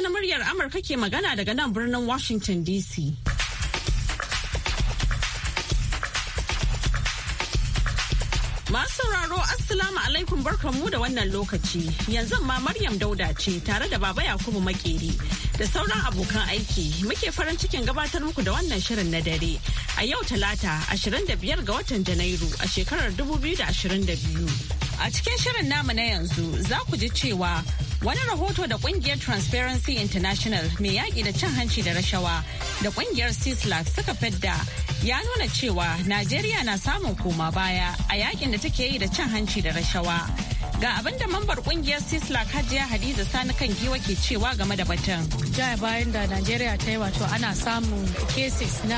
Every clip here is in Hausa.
Hausa na muryar Amurka ke magana daga nan birnin Washington DC. Masu sauraro Assalamu alaikum barkanmu da wannan lokaci. Yanzu ma Maryam Dauda ce tare da Baba Yakubu Makeri da sauran abokan aiki muke farin cikin gabatar muku da wannan shirin na dare. A yau Talata 25 ga watan Janairu a shekarar 2022. A cikin shirin namu na yanzu za ku ji cewa wani rahoto da kungiyar Transparency International mai yaƙi da cin hanci da rashawa da kungiyar CISLAC suka fidda ya nuna cewa Najeriya na samun koma baya a yakin da take yi da cin hanci da rashawa. Ga abin da mambar kungiyar Sislak kajiya Hadiza Sani kan giwa ke cewa game da batun. Ja bayan da Najeriya ta yi wato ana samun cases na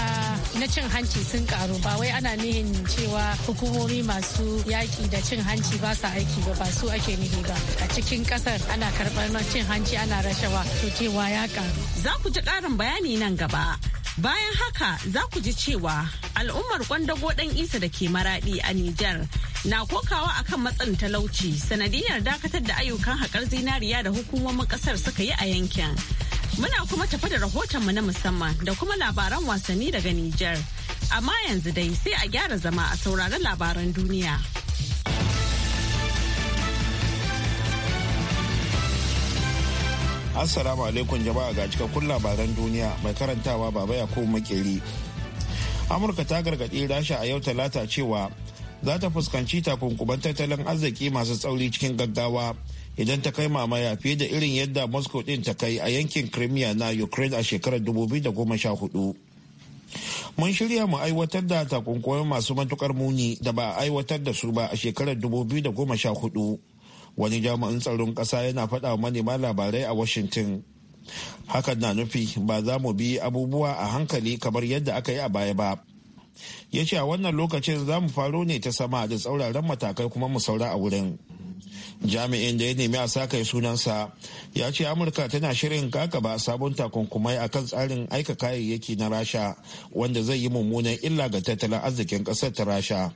cin hanci sun karu ba wai ana nihin cewa hukumomi masu yaki da cin hanci ba sa aiki ba ba su ake nihi ba. A cikin kasar ana karbar cin hanci ana rashawa to cewa ya karu. Za ku ji ƙarin bayani nan gaba. Bayan haka za ku ji cewa al'ummar kwandago ɗan isa da ke maraɗi a Nijar na kokawa akan matsin talauci sanadiyar dakatar da ayyukan haƙar zinariya da hukumomin ƙasar suka yi a yankin. Muna kuma tafi da rahotonmu na musamman da kuma labaran wasanni daga Nijar. Amma yanzu dai sai a gyara zama a saurari labaran duniya. Assalamu alaikum jama'a ga cikakkun labaran duniya mai karantawa baba ya makeri. Amurka ta gargaɗi rasha a yau talata cewa za ta fuskanci takunkuman tattalin arziki masu tsauri cikin gaggawa idan ta kai mamaya fiye da irin yadda moscow din ta kai a yankin crimea na ukraine a shekarar 2014 mun shirya mu aiwatar da takunkuwar masu matukar muni da ba a aiwatar da su ba a shekarar 2014 wani jami'in tsaron kasa yana faɗa manema labarai a washington hakan na nufi ba za mu bi abubuwa a hankali kamar yadda aka yi a baya ba ya ce a wannan lokacin za mu faro ne ta sama da tsauraran matakai kuma mu saura a wurin jami'in da ya nemi a sa kai sunansa ya ce amurka tana shirin kakaba sabon takunkumai a kan tsarin aika kayayyaki na rasha wanda zai yi mummunan illa ga tattalin arzikin ƙasar ta rasha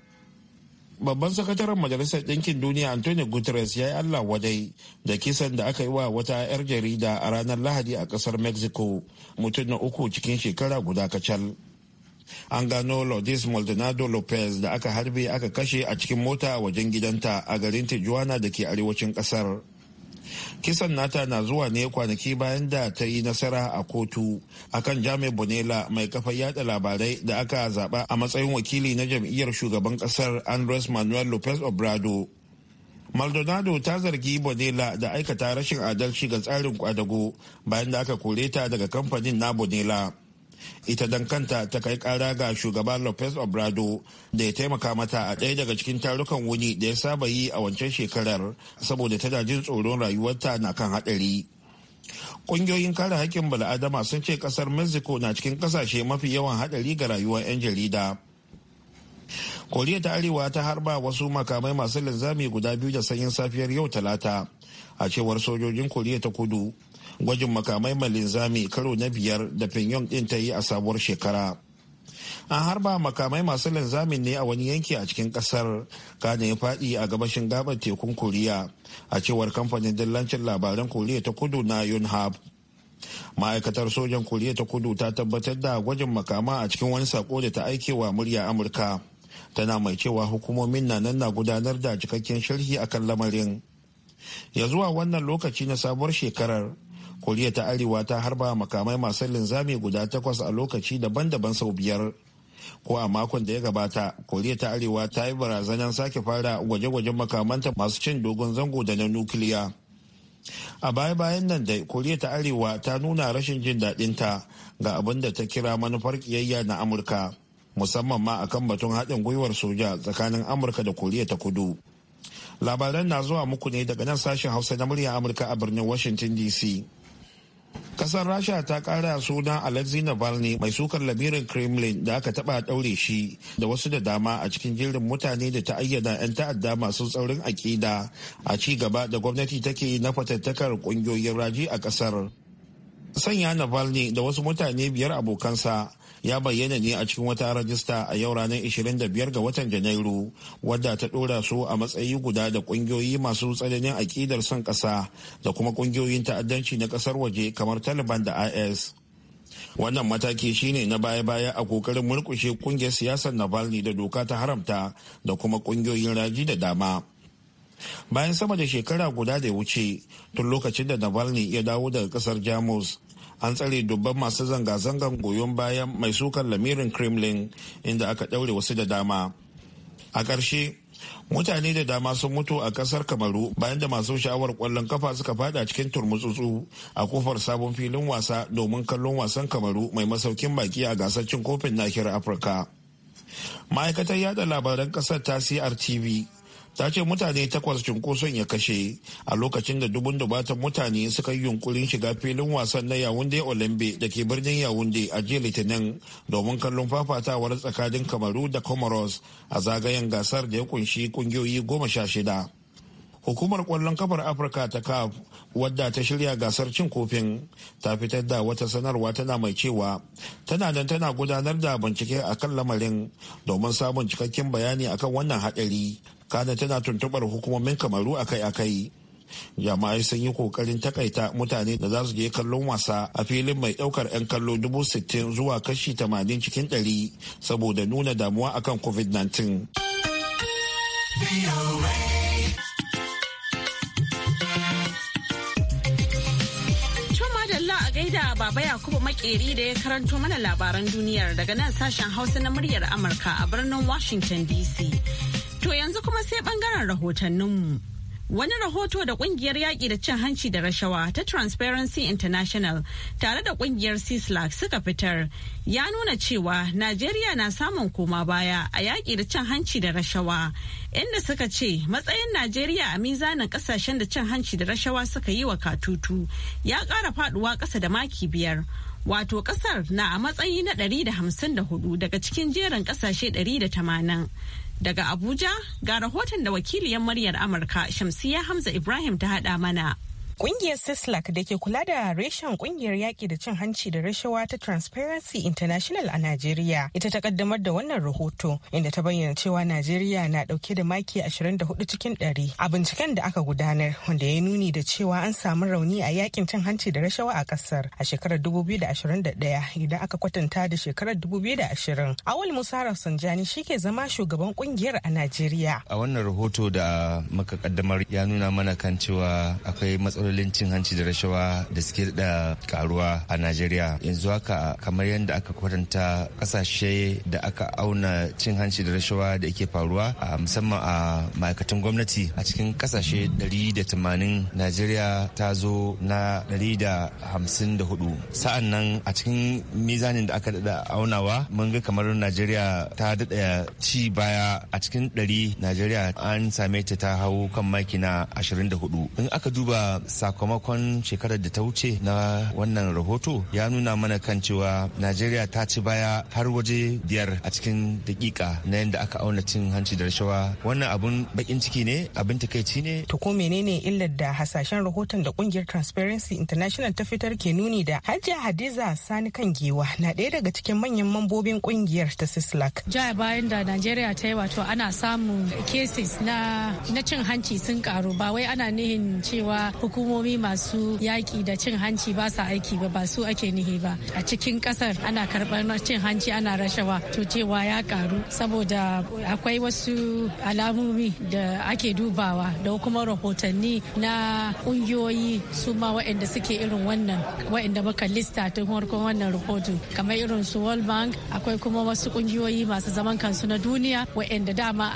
babban sakataren majalisar ɗinkin duniya antonio guterres ya yi allah wadai da kisan da aka yi wa wata 'yar jarida a ranar lahadi a ƙasar mexico mutum na uku cikin shekara guda kacal an gano Lourdes Maldonado Lopez da aka harbe aka kashe a cikin mota wajen gidanta a garin Tijuana da ke arewacin kasar. Kisan nata na zuwa ne kwanaki bayan da ta yi nasara a kotu akan jami'in Bonela mai kafa yada labarai da aka zaba a matsayin wakili na jam'iyyar shugaban kasar Andres Manuel Lopez Obrado. Maldonado ta zargi Bonela da aikata rashin adalci ga tsarin kwadago bayan da aka kore ta daga kamfanin na Bonela. ita don kanta ta kai kara ga shugaba lopez obrado da ya taimaka mata a ɗaya daga cikin tarukan wuni da ya saba yi a wancan shekarar saboda tana jin tsoron rayuwarta na kan haɗari ƙungiyoyin kare haƙƙin bala'adama sun ce ƙasar mexico na cikin ƙasashe mafi yawan haɗari ga rayuwar 'yan jarida koriya ta arewa ta harba wasu makamai masu linzami guda biyu da sanyin safiyar yau talata a cewar sojojin koriya ta kudu gwajin makamai linzami karo na biyar da Pyongyang din ta yi a sabuwar shekara. An harba makamai masu linzamin ne a wani yanki a cikin kasar kane fadi a gabashin gabar tekun Koriya a cewar kamfanin dillancin labaran Koriya ta kudu na Yonhap. Ma'aikatar sojan Koriya ta kudu ta tabbatar da gwajin makama a cikin wani sako da ta aikewa murya Amurka. Tana mai cewa hukumomin na nan na gudanar da cikakken sharhi akan lamarin. ya zuwa wannan lokaci na sabuwar shekarar koriya ta arewa ta harba makamai masu linzami guda takwas a lokaci daban-daban sau biyar ko a makon da ya gabata koriya ta arewa ta yi barazanar sake fara gwaje-gwajen makamanta masu cin dogon zango da na nukiliya a baya-bayan nan da koriya ta arewa ta nuna rashin jin daɗinta ga abin da ta kira manufar kiyayya na amurka musamman ma akan batun haɗin gwiwar soja tsakanin amurka da koriya ta kudu labaran na zuwa muku ne daga nan sashen hausa na murya amurka a birnin washington dc kasar rasha ta kara suna alexei navalny mai sukar lamirin kremlin da aka taba daure shi da wasu da dama a cikin jirin mutane da ta ayyana 'yan ta'adda masu tsaurin akida a ci gaba da gwamnati take na fatattakar kungiyoyin raji a kasar sanya navalny da wasu mutane biyar abokansa ya bayyana ne a cikin wata rajista a yau ranar 25 ga watan janairu wadda ta dora su a matsayi guda da kungiyoyi masu tsananin akidar son ƙasa da kuma kungiyoyin ta'addanci na ƙasar waje kamar taliban da is wannan mataki shine na baya-baya a kokarin murkushe kungiyar siyasar navalny da doka ta haramta da kuma kungiyoyin raji da dama bayan sama da shekara guda da ya wuce tun lokacin da navalny ya dawo daga kasar jamus an tsare dubban masu zanga-zangan goyon bayan mai sukan lamirin kremlin inda aka ɗaure wasu da dama a ƙarshe mutane da dama sun mutu a ƙasar kamaru bayan da masu sha'awar ƙwallon kafa suka fada cikin turmutsutsu a kofar sabon filin wasa domin kallon wasan kamaru mai masaukin baki a gasar cin kofin nahiyar afirka ma'aikatar yada labaran ƙasar ta crtv ta ce mutane takwas cunkoson ya kashe a lokacin da dubun dubatan mutane suka yi yunkurin shiga filin wasan na yawunde olambe da ke birnin yawunde a jiya litinin domin kallon fafatawar tsakanin kamaru da comoros a zagayen gasar da ya kunshi kungiyoyi goma sha shida hukumar kwallon kafar afirka ta caf wadda ta shirya gasar cin kofin ta fitar da wata sanarwa tana mai cewa tana nan tana gudanar da bincike a kan lamarin domin samun cikakken bayani akan wannan haɗari kana tana tuntuɓar hukumomin kamaru akai-akai jama'ai sun yi kokarin takaita mutane da za su je kallon wasa a filin mai daukar 'yan kallo dubu sittin zuwa kashi tamanin cikin ɗari saboda nuna damuwa akan covid-19 gaida baba yakubu makeri da ya karanto mana labaran duniyar daga nan sashen hausa na muryar amurka a birnin washington dc To yanzu kuma sai bangaren rahotanninmu. Wani rahoto da kungiyar yaƙi da cin hanci da rashawa ta Transparency International tare da kungiyar CISLAC suka fitar ya nuna cewa Najeriya na samun koma baya a yaƙi da cin hanci da rashawa inda suka ce matsayin Najeriya a mizanin ƙasashen da cin hanci da rashawa suka yi wa katutu ya ƙara faɗuwa ƙasa da maki biyar. Wato ƙasar na a matsayi na 154 daga cikin jerin ƙasashe 180. Daga Abuja ga rahoton da wakiliyar muryar Amurka Shamsiya Hamza Ibrahim ta haɗa mana. Ƙungiyar Sislak da ke kula da reshen ƙungiyar yaƙi da cin hanci da rashawa ta Transparency International a Najeriya ita ta kaddamar da wannan rahoto inda ta bayyana cewa Najeriya na ɗauke da maki 24 cikin 100 a binciken da aka gudanar wanda ya nuni da cewa an samu rauni a yakin cin hanci da rashawa a ƙasar a shekarar 2021 idan aka kwatanta da shekarar 2020. Awal Musa Sanjani shi ke zama shugaban ƙungiyar a Najeriya. A wannan rahoto da muka kaddamar ya nuna mana kan cewa akwai matsaloli matsalolin cin hanci da rashawa da suke da karuwa a najeriya yanzu haka kamar yadda aka kwatanta kasashe da aka auna cin hanci da rashawa da yake faruwa a musamman a ma'aikatan gwamnati a cikin kasashe 180 najeriya ta zo na 154 sa'an nan a cikin mizanin da aka dada aunawa mun ga kamar najeriya ta dada ci baya a cikin 100 najeriya an same ta ta hau kan maki na 24 in aka duba sakamakon shekarar da ta wuce na wannan rahoto ya nuna mana kan cewa najeriya ta ci baya har waje biyar a cikin dakika na yadda aka auna cin hanci da rashawa wannan abun bakin ciki ne abin takaici ne to ko menene illar da hasashen rahoton da kungiyar transparency international ta fitar ke nuni da hajiya hadiza sani kan giwa na ɗaya daga cikin manyan mambobin kungiyar ta sislak jaya bayan da najeriya ta yi wato ana samun cases na cin hanci sun karu ba wai ana nihin cewa hukumar hukumomi masu yaƙi da cin hanci ba sa aiki ba ba su ake nihi ba a cikin ƙasar ana karɓar cin hanci ana rashawa to cewa ya karu saboda akwai wasu alamomi da ake dubawa da kuma rahotanni na ƙungiyoyi su ma waɗanda suke irin wannan waɗanda muka lista ta farkon wannan rahoto kamar irin su World Bank akwai kuma wasu ƙungiyoyi masu zaman kansu na duniya waɗanda dama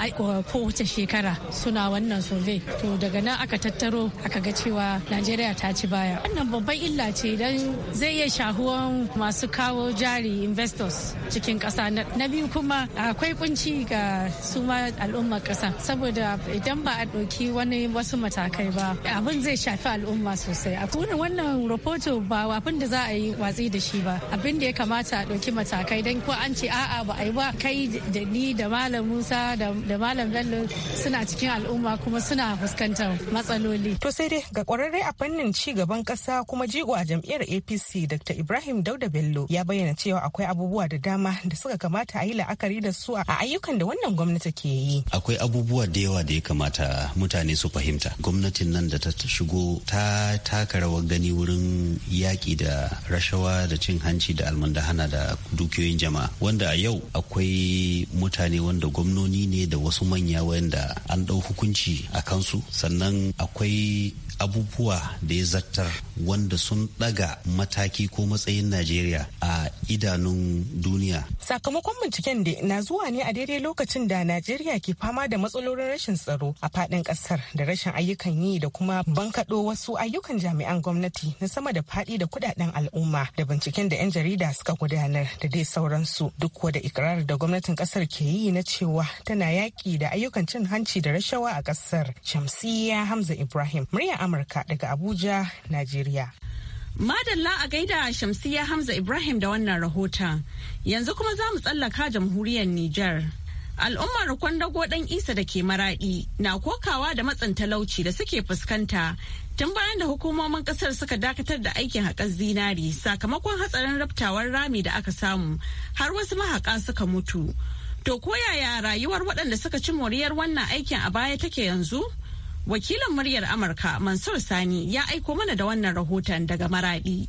kowace shekara suna wannan survey to daga nan aka tattaro aka ga cewa Najeriya ta ci baya. Wannan babban illa ce don zai iya shahuwan masu kawo jari investors cikin kasa Na biyu kuma akwai kunci ga suma ma al'ummar ƙasa saboda idan ba a ɗauki wani wasu matakai ba abin zai shafi al'umma sosai. A kuna wannan rahoto ba abin da za a yi watsi da shi ba abin da ya kamata a ɗauki matakai don ko an ce a'a ba a yi ba kai da ni da malam Musa da malam Bello suna cikin al'umma kuma suna fuskantar matsaloli. To sai dai ga ƙwararren kwararre a fannin ci gaban ƙasa kuma jigo a jam'iyyar apc dr ibrahim dauda bello ya bayyana cewa akwai abubuwa da dama da suka kamata a yi la'akari da su a ayyukan da wannan gwamnati ke yi akwai abubuwa da yawa da ya kamata mutane su fahimta gwamnatin nan da ta shigo ta taka rawar gani wurin yaƙi da rashawa da cin hanci da almanda hana da dukiyoyin jama'a wanda a yau akwai mutane wanda gwamnoni ne da wasu manya wanda an ɗau hukunci a kansu sannan akwai abubuwa abubuwa da ya zartar wanda sun daga mataki ko matsayin Najeriya a idanun duniya. Sakamakon binciken da na zuwa ne a daidai lokacin da Najeriya ke fama da matsalolin rashin tsaro a faɗin ƙasar da rashin ayyukan yi da kuma bankaɗo wasu ayyukan jami'an gwamnati na sama da faɗi da kudaden al'umma da binciken da 'yan jarida suka gudanar da dai sauransu duk da ikirar da gwamnatin ƙasar ke yi na cewa tana yaƙi da ayyukan cin hanci da rashawa a ƙasar. Shamsiyya Hamza Ibrahim, muryar Amurka daga Abuja, Najeriya. Madalla a gaida Shamsiya Hamza Ibrahim da wannan rahoton. Yanzu kuma za mu tsallaka jamhuriyar Nijar. Al'ummar Kwandago ɗan Isa da ke maraɗi na kokawa da matsin talauci da suke fuskanta tun bayan da hukumomin ƙasar suka dakatar da aikin haƙar zinari sakamakon hatsarin raftawar rami da aka samu har wasu mahaƙa suka mutu. To koyaya rayuwar waɗanda suka ci moriyar wannan aikin a baya take yanzu? Wakilin muryar Amurka Mansur Sani ya aiko mana da wannan rahoton daga Maradi.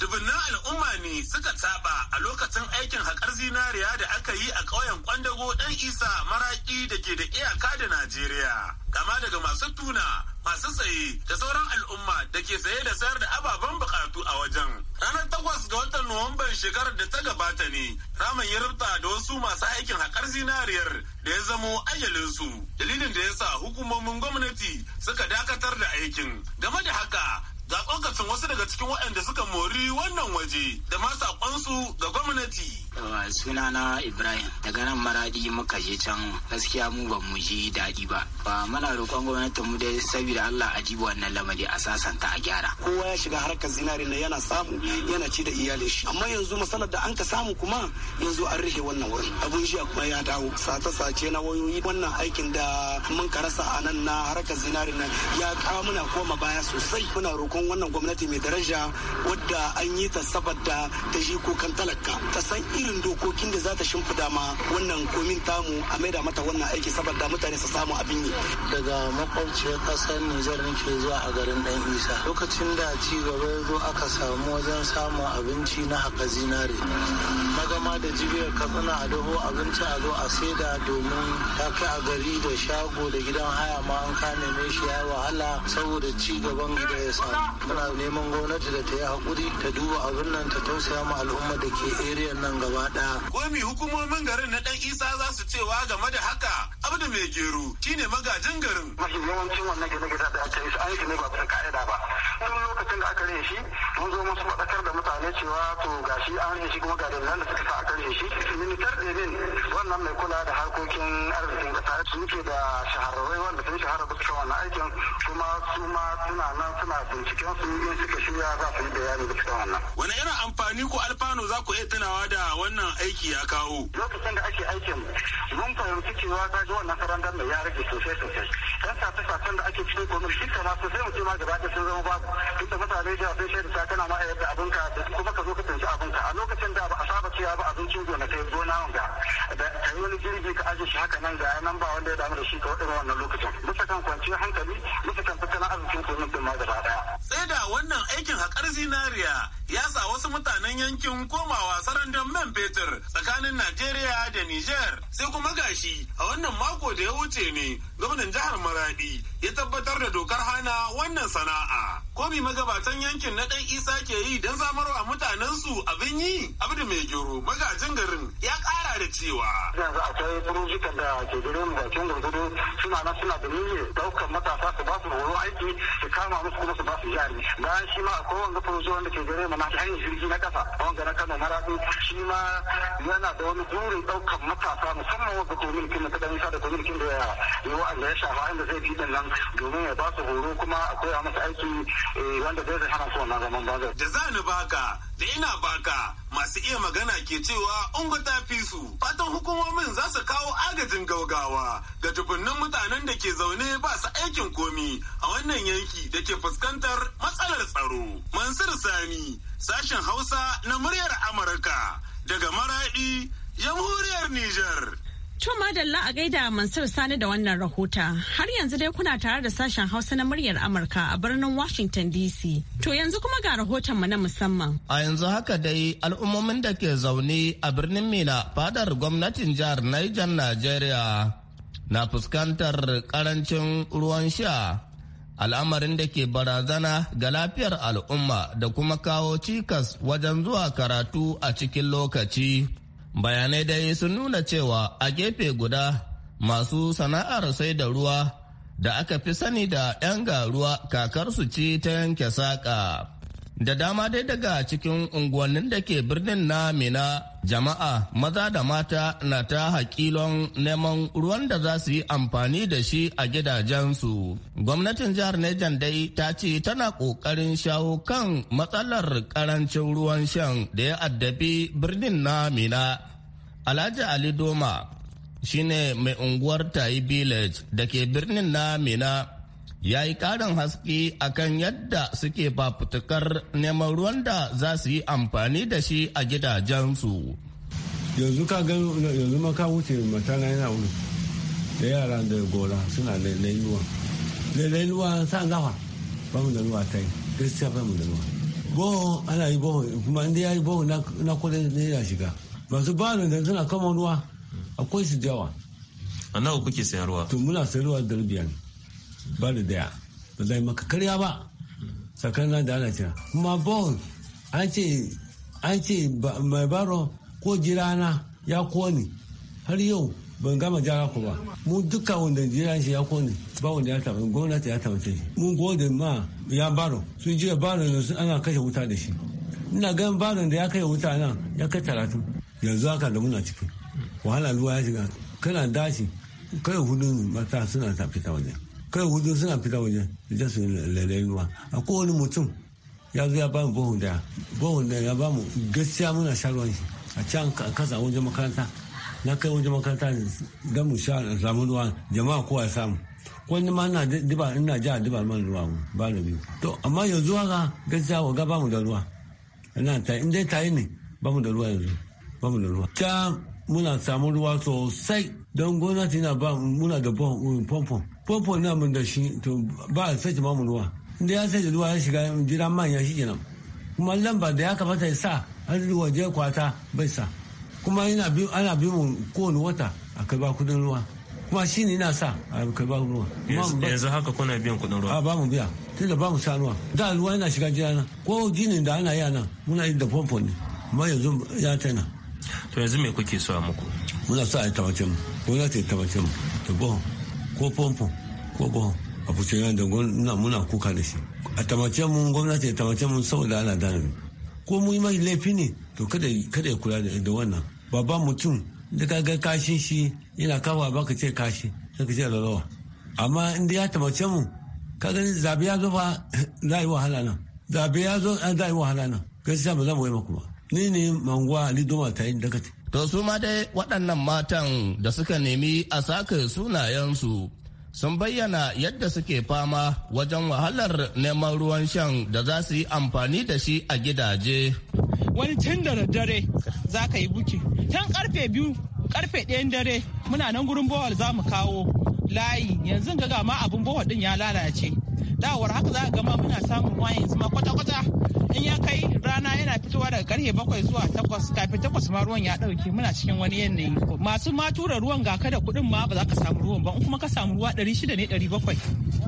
dubunnan al'umma ne suka taba a lokacin aikin haƙar zinariya da aka yi a ƙauyen kwandago ɗan isa maraƙi da ke da iyaka da najeriya kama daga masu tuna masu tsaye da sauran al'umma da ke saye da sayar da ababen buƙatu a wajen ranar takwas ga watan nuwamban shekarar da ta gabata ne ramin ya rubuta da wasu masu aikin haƙar zinariyar da ya zamo ayyalinsu dalilin da ya sa hukumomin gwamnati suka dakatar da aikin game da haka ga tsokacin wasu daga cikin waɗanda suka mori wannan waje da ma saƙonsu ga gwamnati. suna na ibrahim daga nan maradi muka je can gaskiya mu ba mu ji daɗi ba ba muna roƙon gwamnatin mu dai saboda allah a jibi wannan lamari a sasanta a gyara kowa ya shiga harkar zinari na yana samu yana ci da iyalin shi amma yanzu masalar da an ka samu kuma yanzu an rihe wannan wurin abun jiya kuma ya dawo sace sace na wayoyi wannan aikin da mun ka rasa a nan na harkar zinari na ya kawo muna koma baya sosai muna roƙon sakamakon wannan gwamnati mai daraja wadda an yi ta saboda ta ji kukan talaka ta san irin dokokin da za ta shimfida ma wannan komin tamu a maida mata wannan aiki saboda mutane su samu abin yi daga makwabciyar kasar Nijar ke zuwa a garin Dan Isa lokacin da ci gaba ya zo aka samu wajen samun abinci na haka zinare magama da jibiyar katsina a daho abinci a zo a saida domin ta kai a gari da shago da gidan haya ma an kame mai shi ya wahala saboda ci gaban gida ya samu muna neman gwamnati da ta yi hakuri ta duba abin nan ta tausaya ma al'umma da ke area nan gaba ɗaya. Komi hukumomin garin na dan Isa za su cewa game da haka Abdu Mai Gero ne magajin garin. Mafi yawancin wannan gine-gine da aka yi su an yi ne ba bisa ka'ida ba. Tun lokacin da aka rinshi mun zo musu faɗakar da mutane cewa to gashi an rinshi kuma ga nan da suka sa aka rinshi. shi. Ministar Benin wannan mai kula da harkokin arzikin ƙasa su ke da shahararrai wanda sun shahara ba bisa wannan aikin kuma su ma suna nan suna binciken su in suka shirya za su yi bayani da cikin wannan. Wani irin amfani ko alfano za ku iya tunawa da wannan aiki ya kawo? Lokacin da ake aikin mun fahimci cewa ta ji wannan sarandar mai ya rage sosai sosai. Yan sace-sacen da ake cikin gwamnati shi kama sosai mutum ma gaba ɗaya sun zama babu. da mutane da sun shaida sa kana ma a yadda abin ka da kuma ka zo ka abin ka. A lokacin da ba a saba cewa ba abincin gona gonakai gona wanga. Da ka yi wani jirgi ka aje shi haka nan ga nan ba wanda ya damu da shi ka waɗannan wannan lokacin. Bisa kan kwanciyar hankali ma Sai wannan aikin haƙar zinariya wasu mutanen yankin komawa sarandon man fetur tsakanin Najeriya da Nijar. Sai kuma gashi a wannan mako da ya wuce ne gwamnan jihar Maradi ya tabbatar da dokar hana wannan sana'a. Komi magabatan yankin na ɗan isa ke yi don mutanen su abin yi? Abdu mai gero magajin garin ya kara da cewa. Yanzu akwai burujikan da ke garin bakin gurgudu suna nan suna da niyyar ɗaukar matasa su ba su horo aiki su kama musu kuma su ba su jari. Bayan shi ma akwai wanda furuji wanda ke garin mana ta hanyar jirgi na kasa wanga na kano maraɗi shi ma yana da wani burin ɗaukar matasa musamman wanda kwamitin na ta ɗan da kwamitin da ya yi Allah ya shafa inda zai fi nan domin ya ba su horo kuma a koya masa aiki eh, wanda zai zai hana su wannan zaman ba zai. da za ni baka Daina baka masu iya magana ke cewa ungu ta fi su fatan hukumomin za su kawo agajin gaugawa ga tukunnin mutanen da ke zaune ba su aikin komi a wannan yanki da ke fuskantar matsalar tsaro mansur sani sashen hausa na muryar amurka daga maradi jamhuriyar Nijar. To madalla a gaida Mansur Sani da wannan rahota. Har yanzu dai kuna tare da sashen Hausa na muryar Amurka a birnin Washington DC. To yanzu kuma ga rahoton mu na musamman. A yanzu haka dai al'ummomin da ke zaune a birnin Mina fadar gwamnatin jihar Niger Najeriya na fuskantar karancin ruwan sha. Al'amarin da ke barazana ga lafiyar al'umma da kuma kawo cikas wajen zuwa karatu a cikin lokaci. bayanai dai sun nuna cewa a gefe guda masu sana'ar sai da ruwa da aka fi sani da 'yan garuwa kakarsu ci ta yanke saƙa da dama dai daga cikin unguwannin da ke birnin na mina Jama'a maza da mata na ta hakilon neman ruwan da za su yi amfani da shi a gidajensu. Gwamnatin jihar Nejan dai ta ce tana ƙoƙarin shawo kan matsalar ƙarancin ruwan shan da ya addabi birnin na Mina. Alhaji Ali Doma shine mai unguwar Tayi Village da ke birnin na Mina. ya yi ƙarin haske akan yadda suke fafutukar neman ruwan da za su yi amfani da shi a gidajensu. yanzu ka gani yanzu ma wuce matana yana wuri da yara da gora suna lailuwa lailuwa sa zafa ba mu da ruwa ta yi gaskiya ba mu da ruwa boho ana yi boho kuma inda ya yi boho na kudin ne ya shiga masu ba da suna kama ruwa akwai su jawa a nawa kuke sayarwa to muna sayarwa ne. ba da daya ba zai maka karya ba tsakanin da ana cewa kuma bon an ce an ce mai baro ko jirana ya kone har yau ban gama jara ku ba mu duka wanda jiran shi ya kone ba wanda ya taɓa gwamnati ya taɓa ce mun gode ma ya baro sun jiya baro sun ana kashe wuta da shi ina ganin baron da ya kai wuta nan ya kai talatin yanzu haka da muna ciki wahala ruwa ya shiga kana dashi kai hudu mata suna tafi ta wajen kai hudu suna fita waje da su lalai ruwa a kowane mutum ya zo ya ba mu bohun daya bohun daya ya ba mu gaskiya muna sha ruwan shi a can kasa wajen makaranta na kai wajen makaranta don mu sha samu ruwa jama'a kowa samu wani ma na diba ina ja diba man ruwa ba da biyu to amma yanzu haka gaskiya ga ba mu da ruwa ina ta in dai tayi ne ba mu da ruwa yanzu ba mu da ruwa ta muna samu ruwa sosai don gwamnati na ba muna da famfon popo na mun da shi to ba a sace mamu ruwa inda ya sace ruwa ya shiga jira manya shi kenan kuma lamba da ya kamata ya sa har je kwata bai sa kuma ina bi ana bi mu kowane wata a kai ba kudin ruwa kuma shi ne na sa a kai ba ruwa yanzu haka kuna biyan kudin ruwa a ba mu biya tunda ba mu sa ruwa da ruwa yana shiga jira na ko ginin da ana yi nan muna yi da pompo ne amma yanzu ya tana to yanzu me kuke so a muku muna so a yi tabbacin mu gwamnati ta tabbacin mu to bon ko famfo ko bohon a yana da gwamna muna kuka da shi a tamace mun gwamnati a tamace mun saboda ana dana ko mu yi mai laifi ne to kada ya kula da wannan babba mutum da ka ga kashin shi yana kawo ba ka ce kashi sai ka ce lalawa amma inda ya tamace mu ka gani zabe ya zo ba za a yi wahala nan zabe ya zo za a yi wahala nan gaskiya ba za mu yi kuma ni ne manguwa ali doma ta yi dakati To su ma dai waɗannan matan da suka nemi a sake sunayensu sun bayyana yadda suke fama wajen wahalar neman ruwan shan da za su yi amfani da shi a gidaje. Wani tun da dare za ka yi buki. Tan karfe biyu, karfe ɗayan dare muna nan gurin bowal za mu kawo layi yanzu ga ma abin bowal ɗin ya lalace. Dawar haka za ka gama muna samun wayan zuma kwata-kwata in ya kai rana yana fitowa daga karfe bakwai zuwa takwas kafin takwas ma ruwan ya dauke muna cikin wani yanayi masu ma ruwan ga kada kuɗin ma ba za ka samu ruwan ba in kuma ka samu ruwa ɗari shida ne ɗari bakwai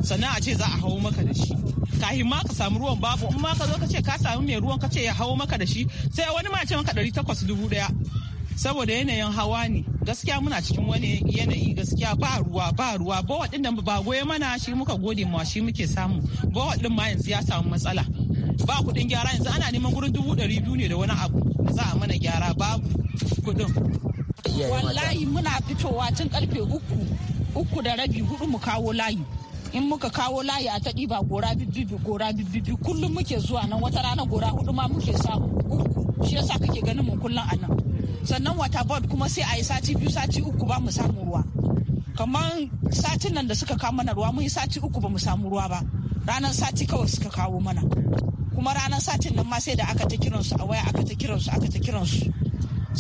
sannan a ce za a hawo maka da shi kafin ma ka samu ruwan babu in ma ka zo ka ce ka samu mai ruwan ka ce ya hau maka da shi sai wani ma ce maka ɗari takwas dubu ɗaya saboda yanayin hawa ne gaskiya muna cikin wani yanayi gaskiya ba ruwa ba ruwa ba din ba goye mana shi muka gode ma shi muke samu ba ɗin ma yanzu ya samu matsala ba kuɗin gyara yanzu ana neman gurin dubu ɗari biyu ne da wani abu za a mana gyara babu kuɗin. Wallahi muna fitowa tun karfe uku uku da rabi hudu mu kawo layi. in muka kawo layi a taɗi ba gora bibbibi gora bibbibi kullum muke zuwa nan wata rana gora hudu ma muke samu uku shi yasa kake ganin mu kullum a nan sannan wata board kuma sai a yi sati biyu sati uku ba mu samu ruwa kamar satin nan da suka kawo mana ruwa mun yi sati uku ba mu samu ruwa ba ranar sati kawai suka kawo mana kuma ranar satin nan ma sai da aka ta kiransu a waya aka ta kiransu aka ta kiransu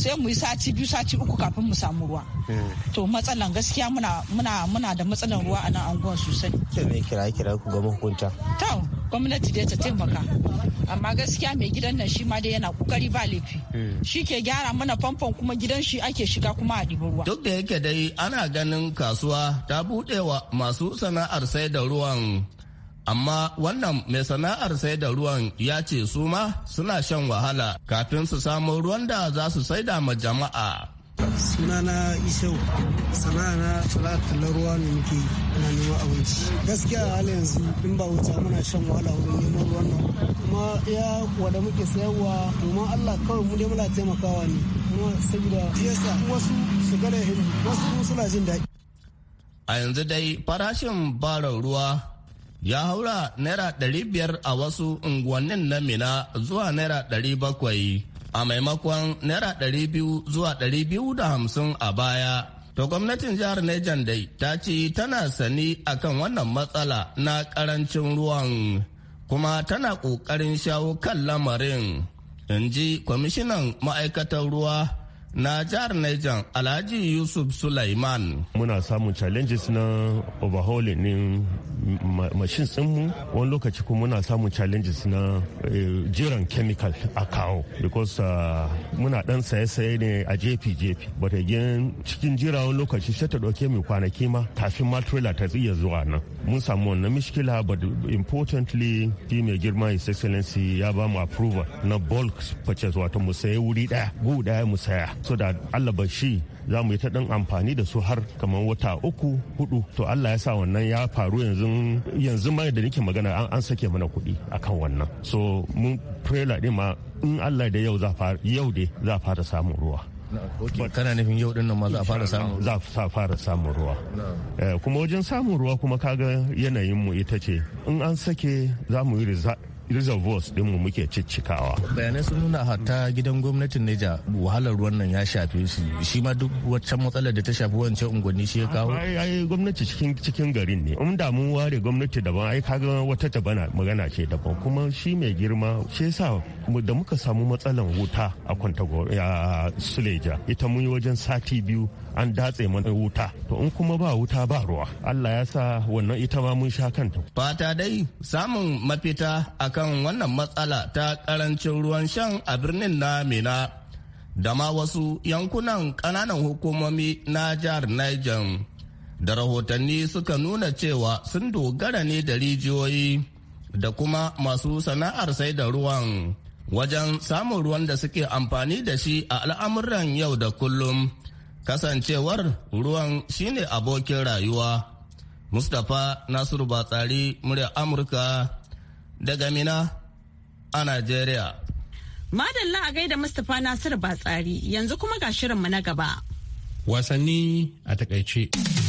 sai mu yi sati biyu sati uku kafin mu samu ruwa hmm. to matsalan gaskiya muna muna muna da matsalan ruwa a nan anguwan sosai to mai kira kira ku ga hukunta to gwamnati dai ta taimaka amma gaskiya mai gidan nan shi ma dai yana kokari ba laifi hmm. shi ke gyara mana famfon kuma gidan shi ake shiga kuma a ɗibi ruwa duk da yake dai ana ganin kasuwa ta wa masu sana'ar sai da ruwan amma wannan mai sana'ar sai da ruwan ya ce su ma suna shan wahala kafin su samu ruwan da za su saida ma jama'a sunana ishau sana'ana na ruwa ne muke na neman abinci gaskiya a halin yanzu in ba wuce muna shan wahala wurin neman ruwan nan kuma ya wada muke sayarwa domin allah kawai mu dai muna taimakawa ne kuma saboda yasa wasu su gane hindu wasu suna jin daɗi a yanzu dai farashin barar ruwa ya haura naira ɗari biyar a wasu unguwannin na mina zuwa naira ɗari bakwai a maimakon naira ɗari biyu zuwa ɗari biyu da hamsin a baya to gwamnatin jihar Niger dai ta ce tana sani akan wannan matsala na ƙarancin ruwan kuma tana ƙoƙarin shawo kan lamarin in ji kwamishinan ma'aikatar ruwa na jihar Niger Alhaji Yusuf Sulaiman. Muna samun challenges na overhauling mashin mu wani lokaci kuma muna samun challenges na eh, jiran chemical a kawo because ah, muna dan saye-saye ne a jefi-jefi but again cikin jira wani lokaci shata ta dauke mu kwanaki ma kafin ma ta iya zuwa nan mun samu wannan mishkila but importantly fi mai girma his excellency ya ba mu approval na bulk purchase wato mu saye wuri daya gu daya mu saya so da allah shi za mu yi ta dan amfani da su har kamar wata uku hudu to allah ya sa wannan ya faru yanzu yanzu yanzu ma da nake magana an sake mana kuɗi akan wannan so mun prela din ma in Allah da yau za fara yau dai za fara samun ruwa kana nufin yau din nan ma za a fara samun za a fara samun ruwa eh, kuma wajen samun ruwa kuma kaga yanayin mu ita ce in an sake za mu yi reservoirs din mu muke ciccikawa bayanai sun nuna hatta gidan gwamnatin Neja wahalar ruwan nan ya shafe shi shi ma duk wacce matsalar da ta shafi wancan unguwanni shi ya kawo ai gwamnati cikin cikin garin ne in da mun ware gwamnati daban ai kaga wata ta bana magana ce daban kuma shi mai girma shi yasa da muka samu matsalan wuta a kwantagoro a Suleja ita mun yi wajen sati biyu an datse mana wuta to in kuma ba wuta ba ruwa Allah ya sa wannan ita ma mun sha kanta fata dai samun mafita akan kan wannan matsala ta karancin ruwan shan a birnin na Mina da ma wasu yankunan kananan hukumomi na jihar Niger. Da rahotanni suka nuna cewa sun dogara ne da rijiyoyi da kuma masu sana'ar sai da ruwan wajen samun ruwan da suke amfani da shi a al'amuran yau da kullum. Kasancewar ruwan shine abokin rayuwa. Mustapha Nasiru Batsari, murya Amurka. daga Mina a Najeriya. Madalla a gaida Mustapha Nasiru Batsari yanzu kuma ga shirinmu na gaba. Wasanni a takaice.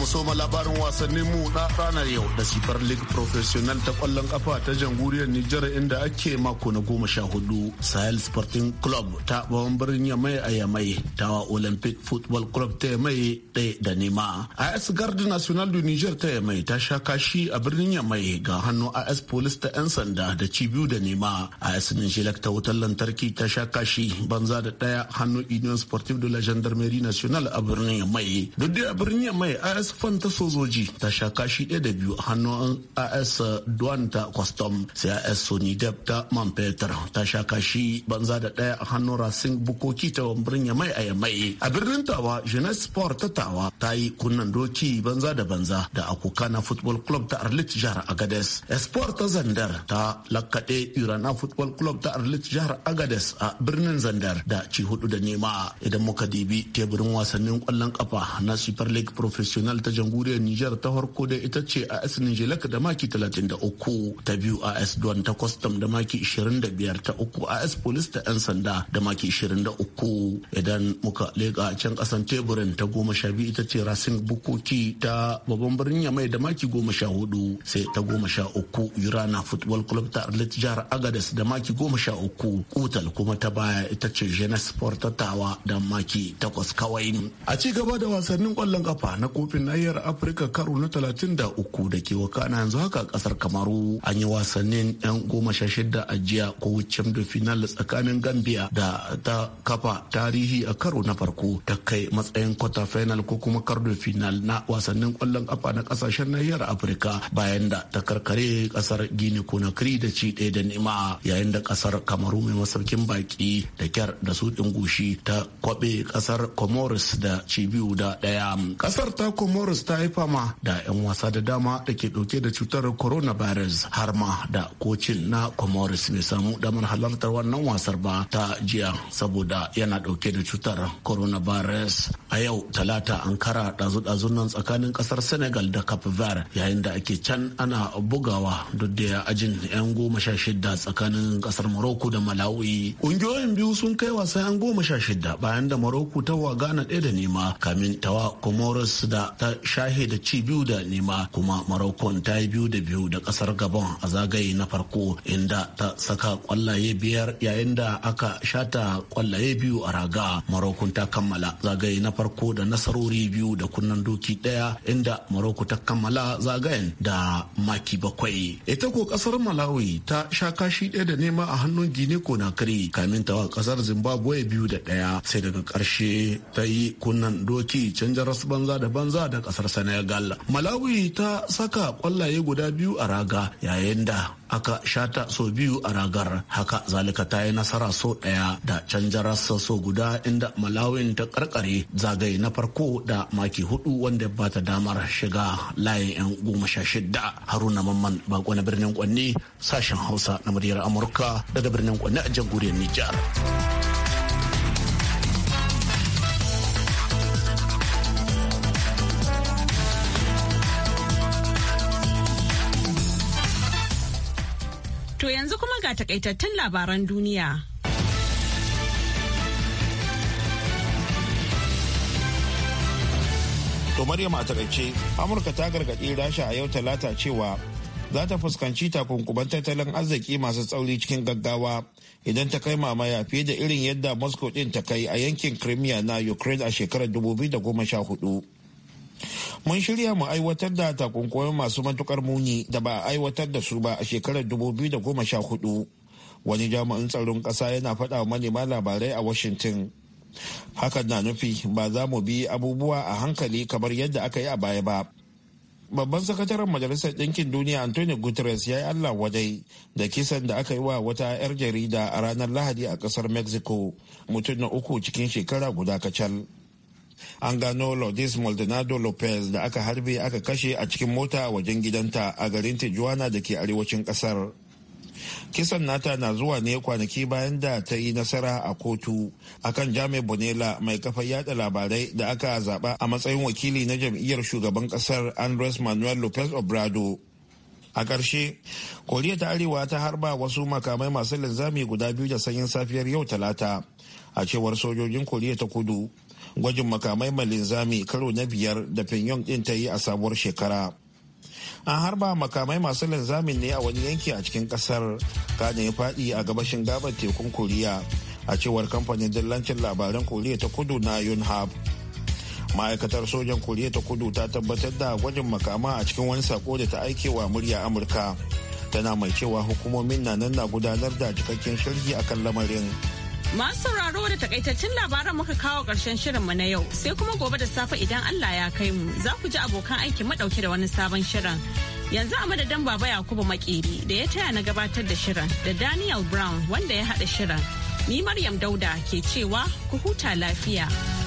mu soma labarin wasannin mu na ranar yau da sifar league professional ta kwallon kafa ta jamhuriyar Nijar inda ake mako na goma sha hudu. Sahel Sporting Club ta babban birnin Yamai a Yamai tawa Olympic Football Club ta Yamai ɗaya da nema. AS Garde National du Niger ta Yamai ta sha kashi a birnin Yamai ga hannu AS Police ta 'yan sanda da cibiyu da nema. AS Nijilak ta wutar lantarki ta sha kashi banza da ɗaya hannu Union Sportive de la Gendarmerie Nationale a birnin Yamai. Duk dai a birnin Yamai AS sfan ta sojoji ta sha kashi ɗaya da biyu a hannun as duwan ta kwastam sai as sony deb ta man fetur ta sha kashi banza da ɗaya a hannun racing bukoki ta wambirin yamai a ya yamai a birnin tawa jeunesse sport ta tawa ta yi kunnan doki banza da banza da akuka na football club ta arlit jihar agades sport ta zandar ta lakkaɗe urana football club ta arlit jihar agades a birnin zandar da ci hudu da nema idan muka dibi teburin wasannin kwallon kafa na super league professional Arsenal ta jamhuriyar Nijar ta farko da ita ce a s Nijelak da maki 33, ta biyu a S Duan ta Custom da maki 25, ta uku a S polis ta 'yan sanda da maki 23. Idan muka leƙa can ƙasan teburin ta goma sha biyu ita ce rasin Bukoki ta babban birnin Yamai da maki hudu sai ta goma sha uku Yurana Football Club ta Arlet Jihar Agadez da maki goma sha uku Kutal kuma ta baya ita ce Jeunesse Sport ta Tawa da maki takwas kawai. A ci gaba da wasannin kwallon kafa na kofin nahiyar afirka karo na 33 da ke wakana yanzu haka kasar kamaru an yi wasannin yan goma sha shida a jiya ko wucin da final tsakanin gambia da ta kafa tarihi a karo na farko ta kai matsayin kwata final ko kuma kardo final na wasannin kwallon kafa na kasashen nahiyar afirka bayan da ta karkare kasar gini konakri da ci ɗaya da nema yayin da kasar kamaru mai masaukin baki da kyar da su gushi ta kwabe kasar comoros da ci biyu da ɗaya kasar ta comoros virus ta yi fama da 'yan wasa da dama da ke dauke da cutar coronavirus har ma da kocin na comoros mai samu damar halartar wannan wasar ba ta jiya saboda yana dauke da cutar coronavirus a yau talata ankara ɗazu dazu nan tsakanin kasar senegal da cape verde yayin da ake can ana bugawa duk da ajin 'yan goma sha shida tsakanin kasar morocco da malawi ƙungiyoyin biyu sun kai wasa 'yan goma sha shida bayan da morocco ta wa ghana ɗaya da nema kamin tawa comoros da ta shahe da ci biyu da nema kuma marokon ta yi biyu da biyu da kasar gabon a zagaye na farko inda ta saka kwallaye biyar yayin da aka shata kwallaye biyu a raga marokon ta kammala zagaye na farko da nasarori biyu da kunnan doki daya inda maroko ta kammala zagayen da maki bakwai ita ko kasar malawi ta sha kashi ɗaya da nema a hannun gine konakiri kamin ta kasar zimbabwe biyu da ɗaya sai daga ƙarshe ta yi kunnan doki canjar banza da banza da na kasar senegal malawi ta saka kwallaye guda biyu a raga yayin da aka shata so biyu a ragar haka zalika ta yi nasara so daya da canjar rasa so guda inda malawin ta karkare zagaye na farko da maki hudu wanda ba ta damar shiga layin yan goma sha shida haruna mamman bako na birnin kwanne sashen hausa na muryar amurka daga birnin kwanni a jamhuriyar nijar. ga takaitattun labaran duniya. To Maryam a takaice, Amurka ta gargaɗi Rasha a yau talata cewa za ta fuskanci takunkuban tattalin arziki masu tsauri cikin gaggawa idan ta kai mamaya fiye da irin yadda Moscow ɗin ta kai a yankin Crimea na Ukraine a shekarar 2014. mun shirya mu aiwatar da takunkumin masu matukar muni da ba a aiwatar da su ba a shekarar 2014 wani jami'in tsaron kasa yana faɗa manema labarai a washington hakan na nufi ba za mu bi abubuwa a hankali kamar yadda aka yi a baya ba babban sakataren majalisar ɗinkin duniya antonio guterres ya yi allah wadai da kisan da aka yi wa wata 'yar jarida a ranar lahadi a ƙasar mexico mutum na uku cikin shekara guda kacal an gano Lourdes Maldonado Lopez da aka harbe aka kashe a cikin mota wajen gidanta a garin Tijuana da ke arewacin kasar. Kisan nata na zuwa ne kwanaki bayan da ta yi nasara a kotu akan Jame Bonela mai kafa yada labarai da aka zaba a matsayin wakili na jam'iyyar shugaban kasar Andres Manuel Lopez obrado. a ƙarshe koriya ta arewa ta harba wasu makamai masu linzami guda biyu da sanyin safiyar yau talata a cewar sojojin koriya ta kudu gwajin makamai mai linzami karo na biyar da Pyongyang din ta yi a sabuwar shekara. An harba makamai masu linzamin ne a wani yanki a cikin kasar kane ya faɗi a gabashin gabar tekun Koriya a cewar kamfanin dillancin labaran Koriya ta kudu na yunhab ma'aikatar sojan koriya ta kudu ta tabbatar da gwajin makama a cikin wani sako da ta aike wa murya amurka tana mai cewa hukumomin na nan na gudanar da cikakken shirgi akan lamarin Masu sauraro da takaitaccen labaran muka kawo ƙarshen mu na yau sai kuma gobe da safe idan Allah ya kai mu za ku ji abokan aiki madauke da wani sabon shirin. Yanzu a madadin Baba Yakubu Makeri da ya taya na gabatar da shirin da Daniel Brown wanda ya haɗa shirin. Ni Maryam Dauda ke cewa ku huta lafiya.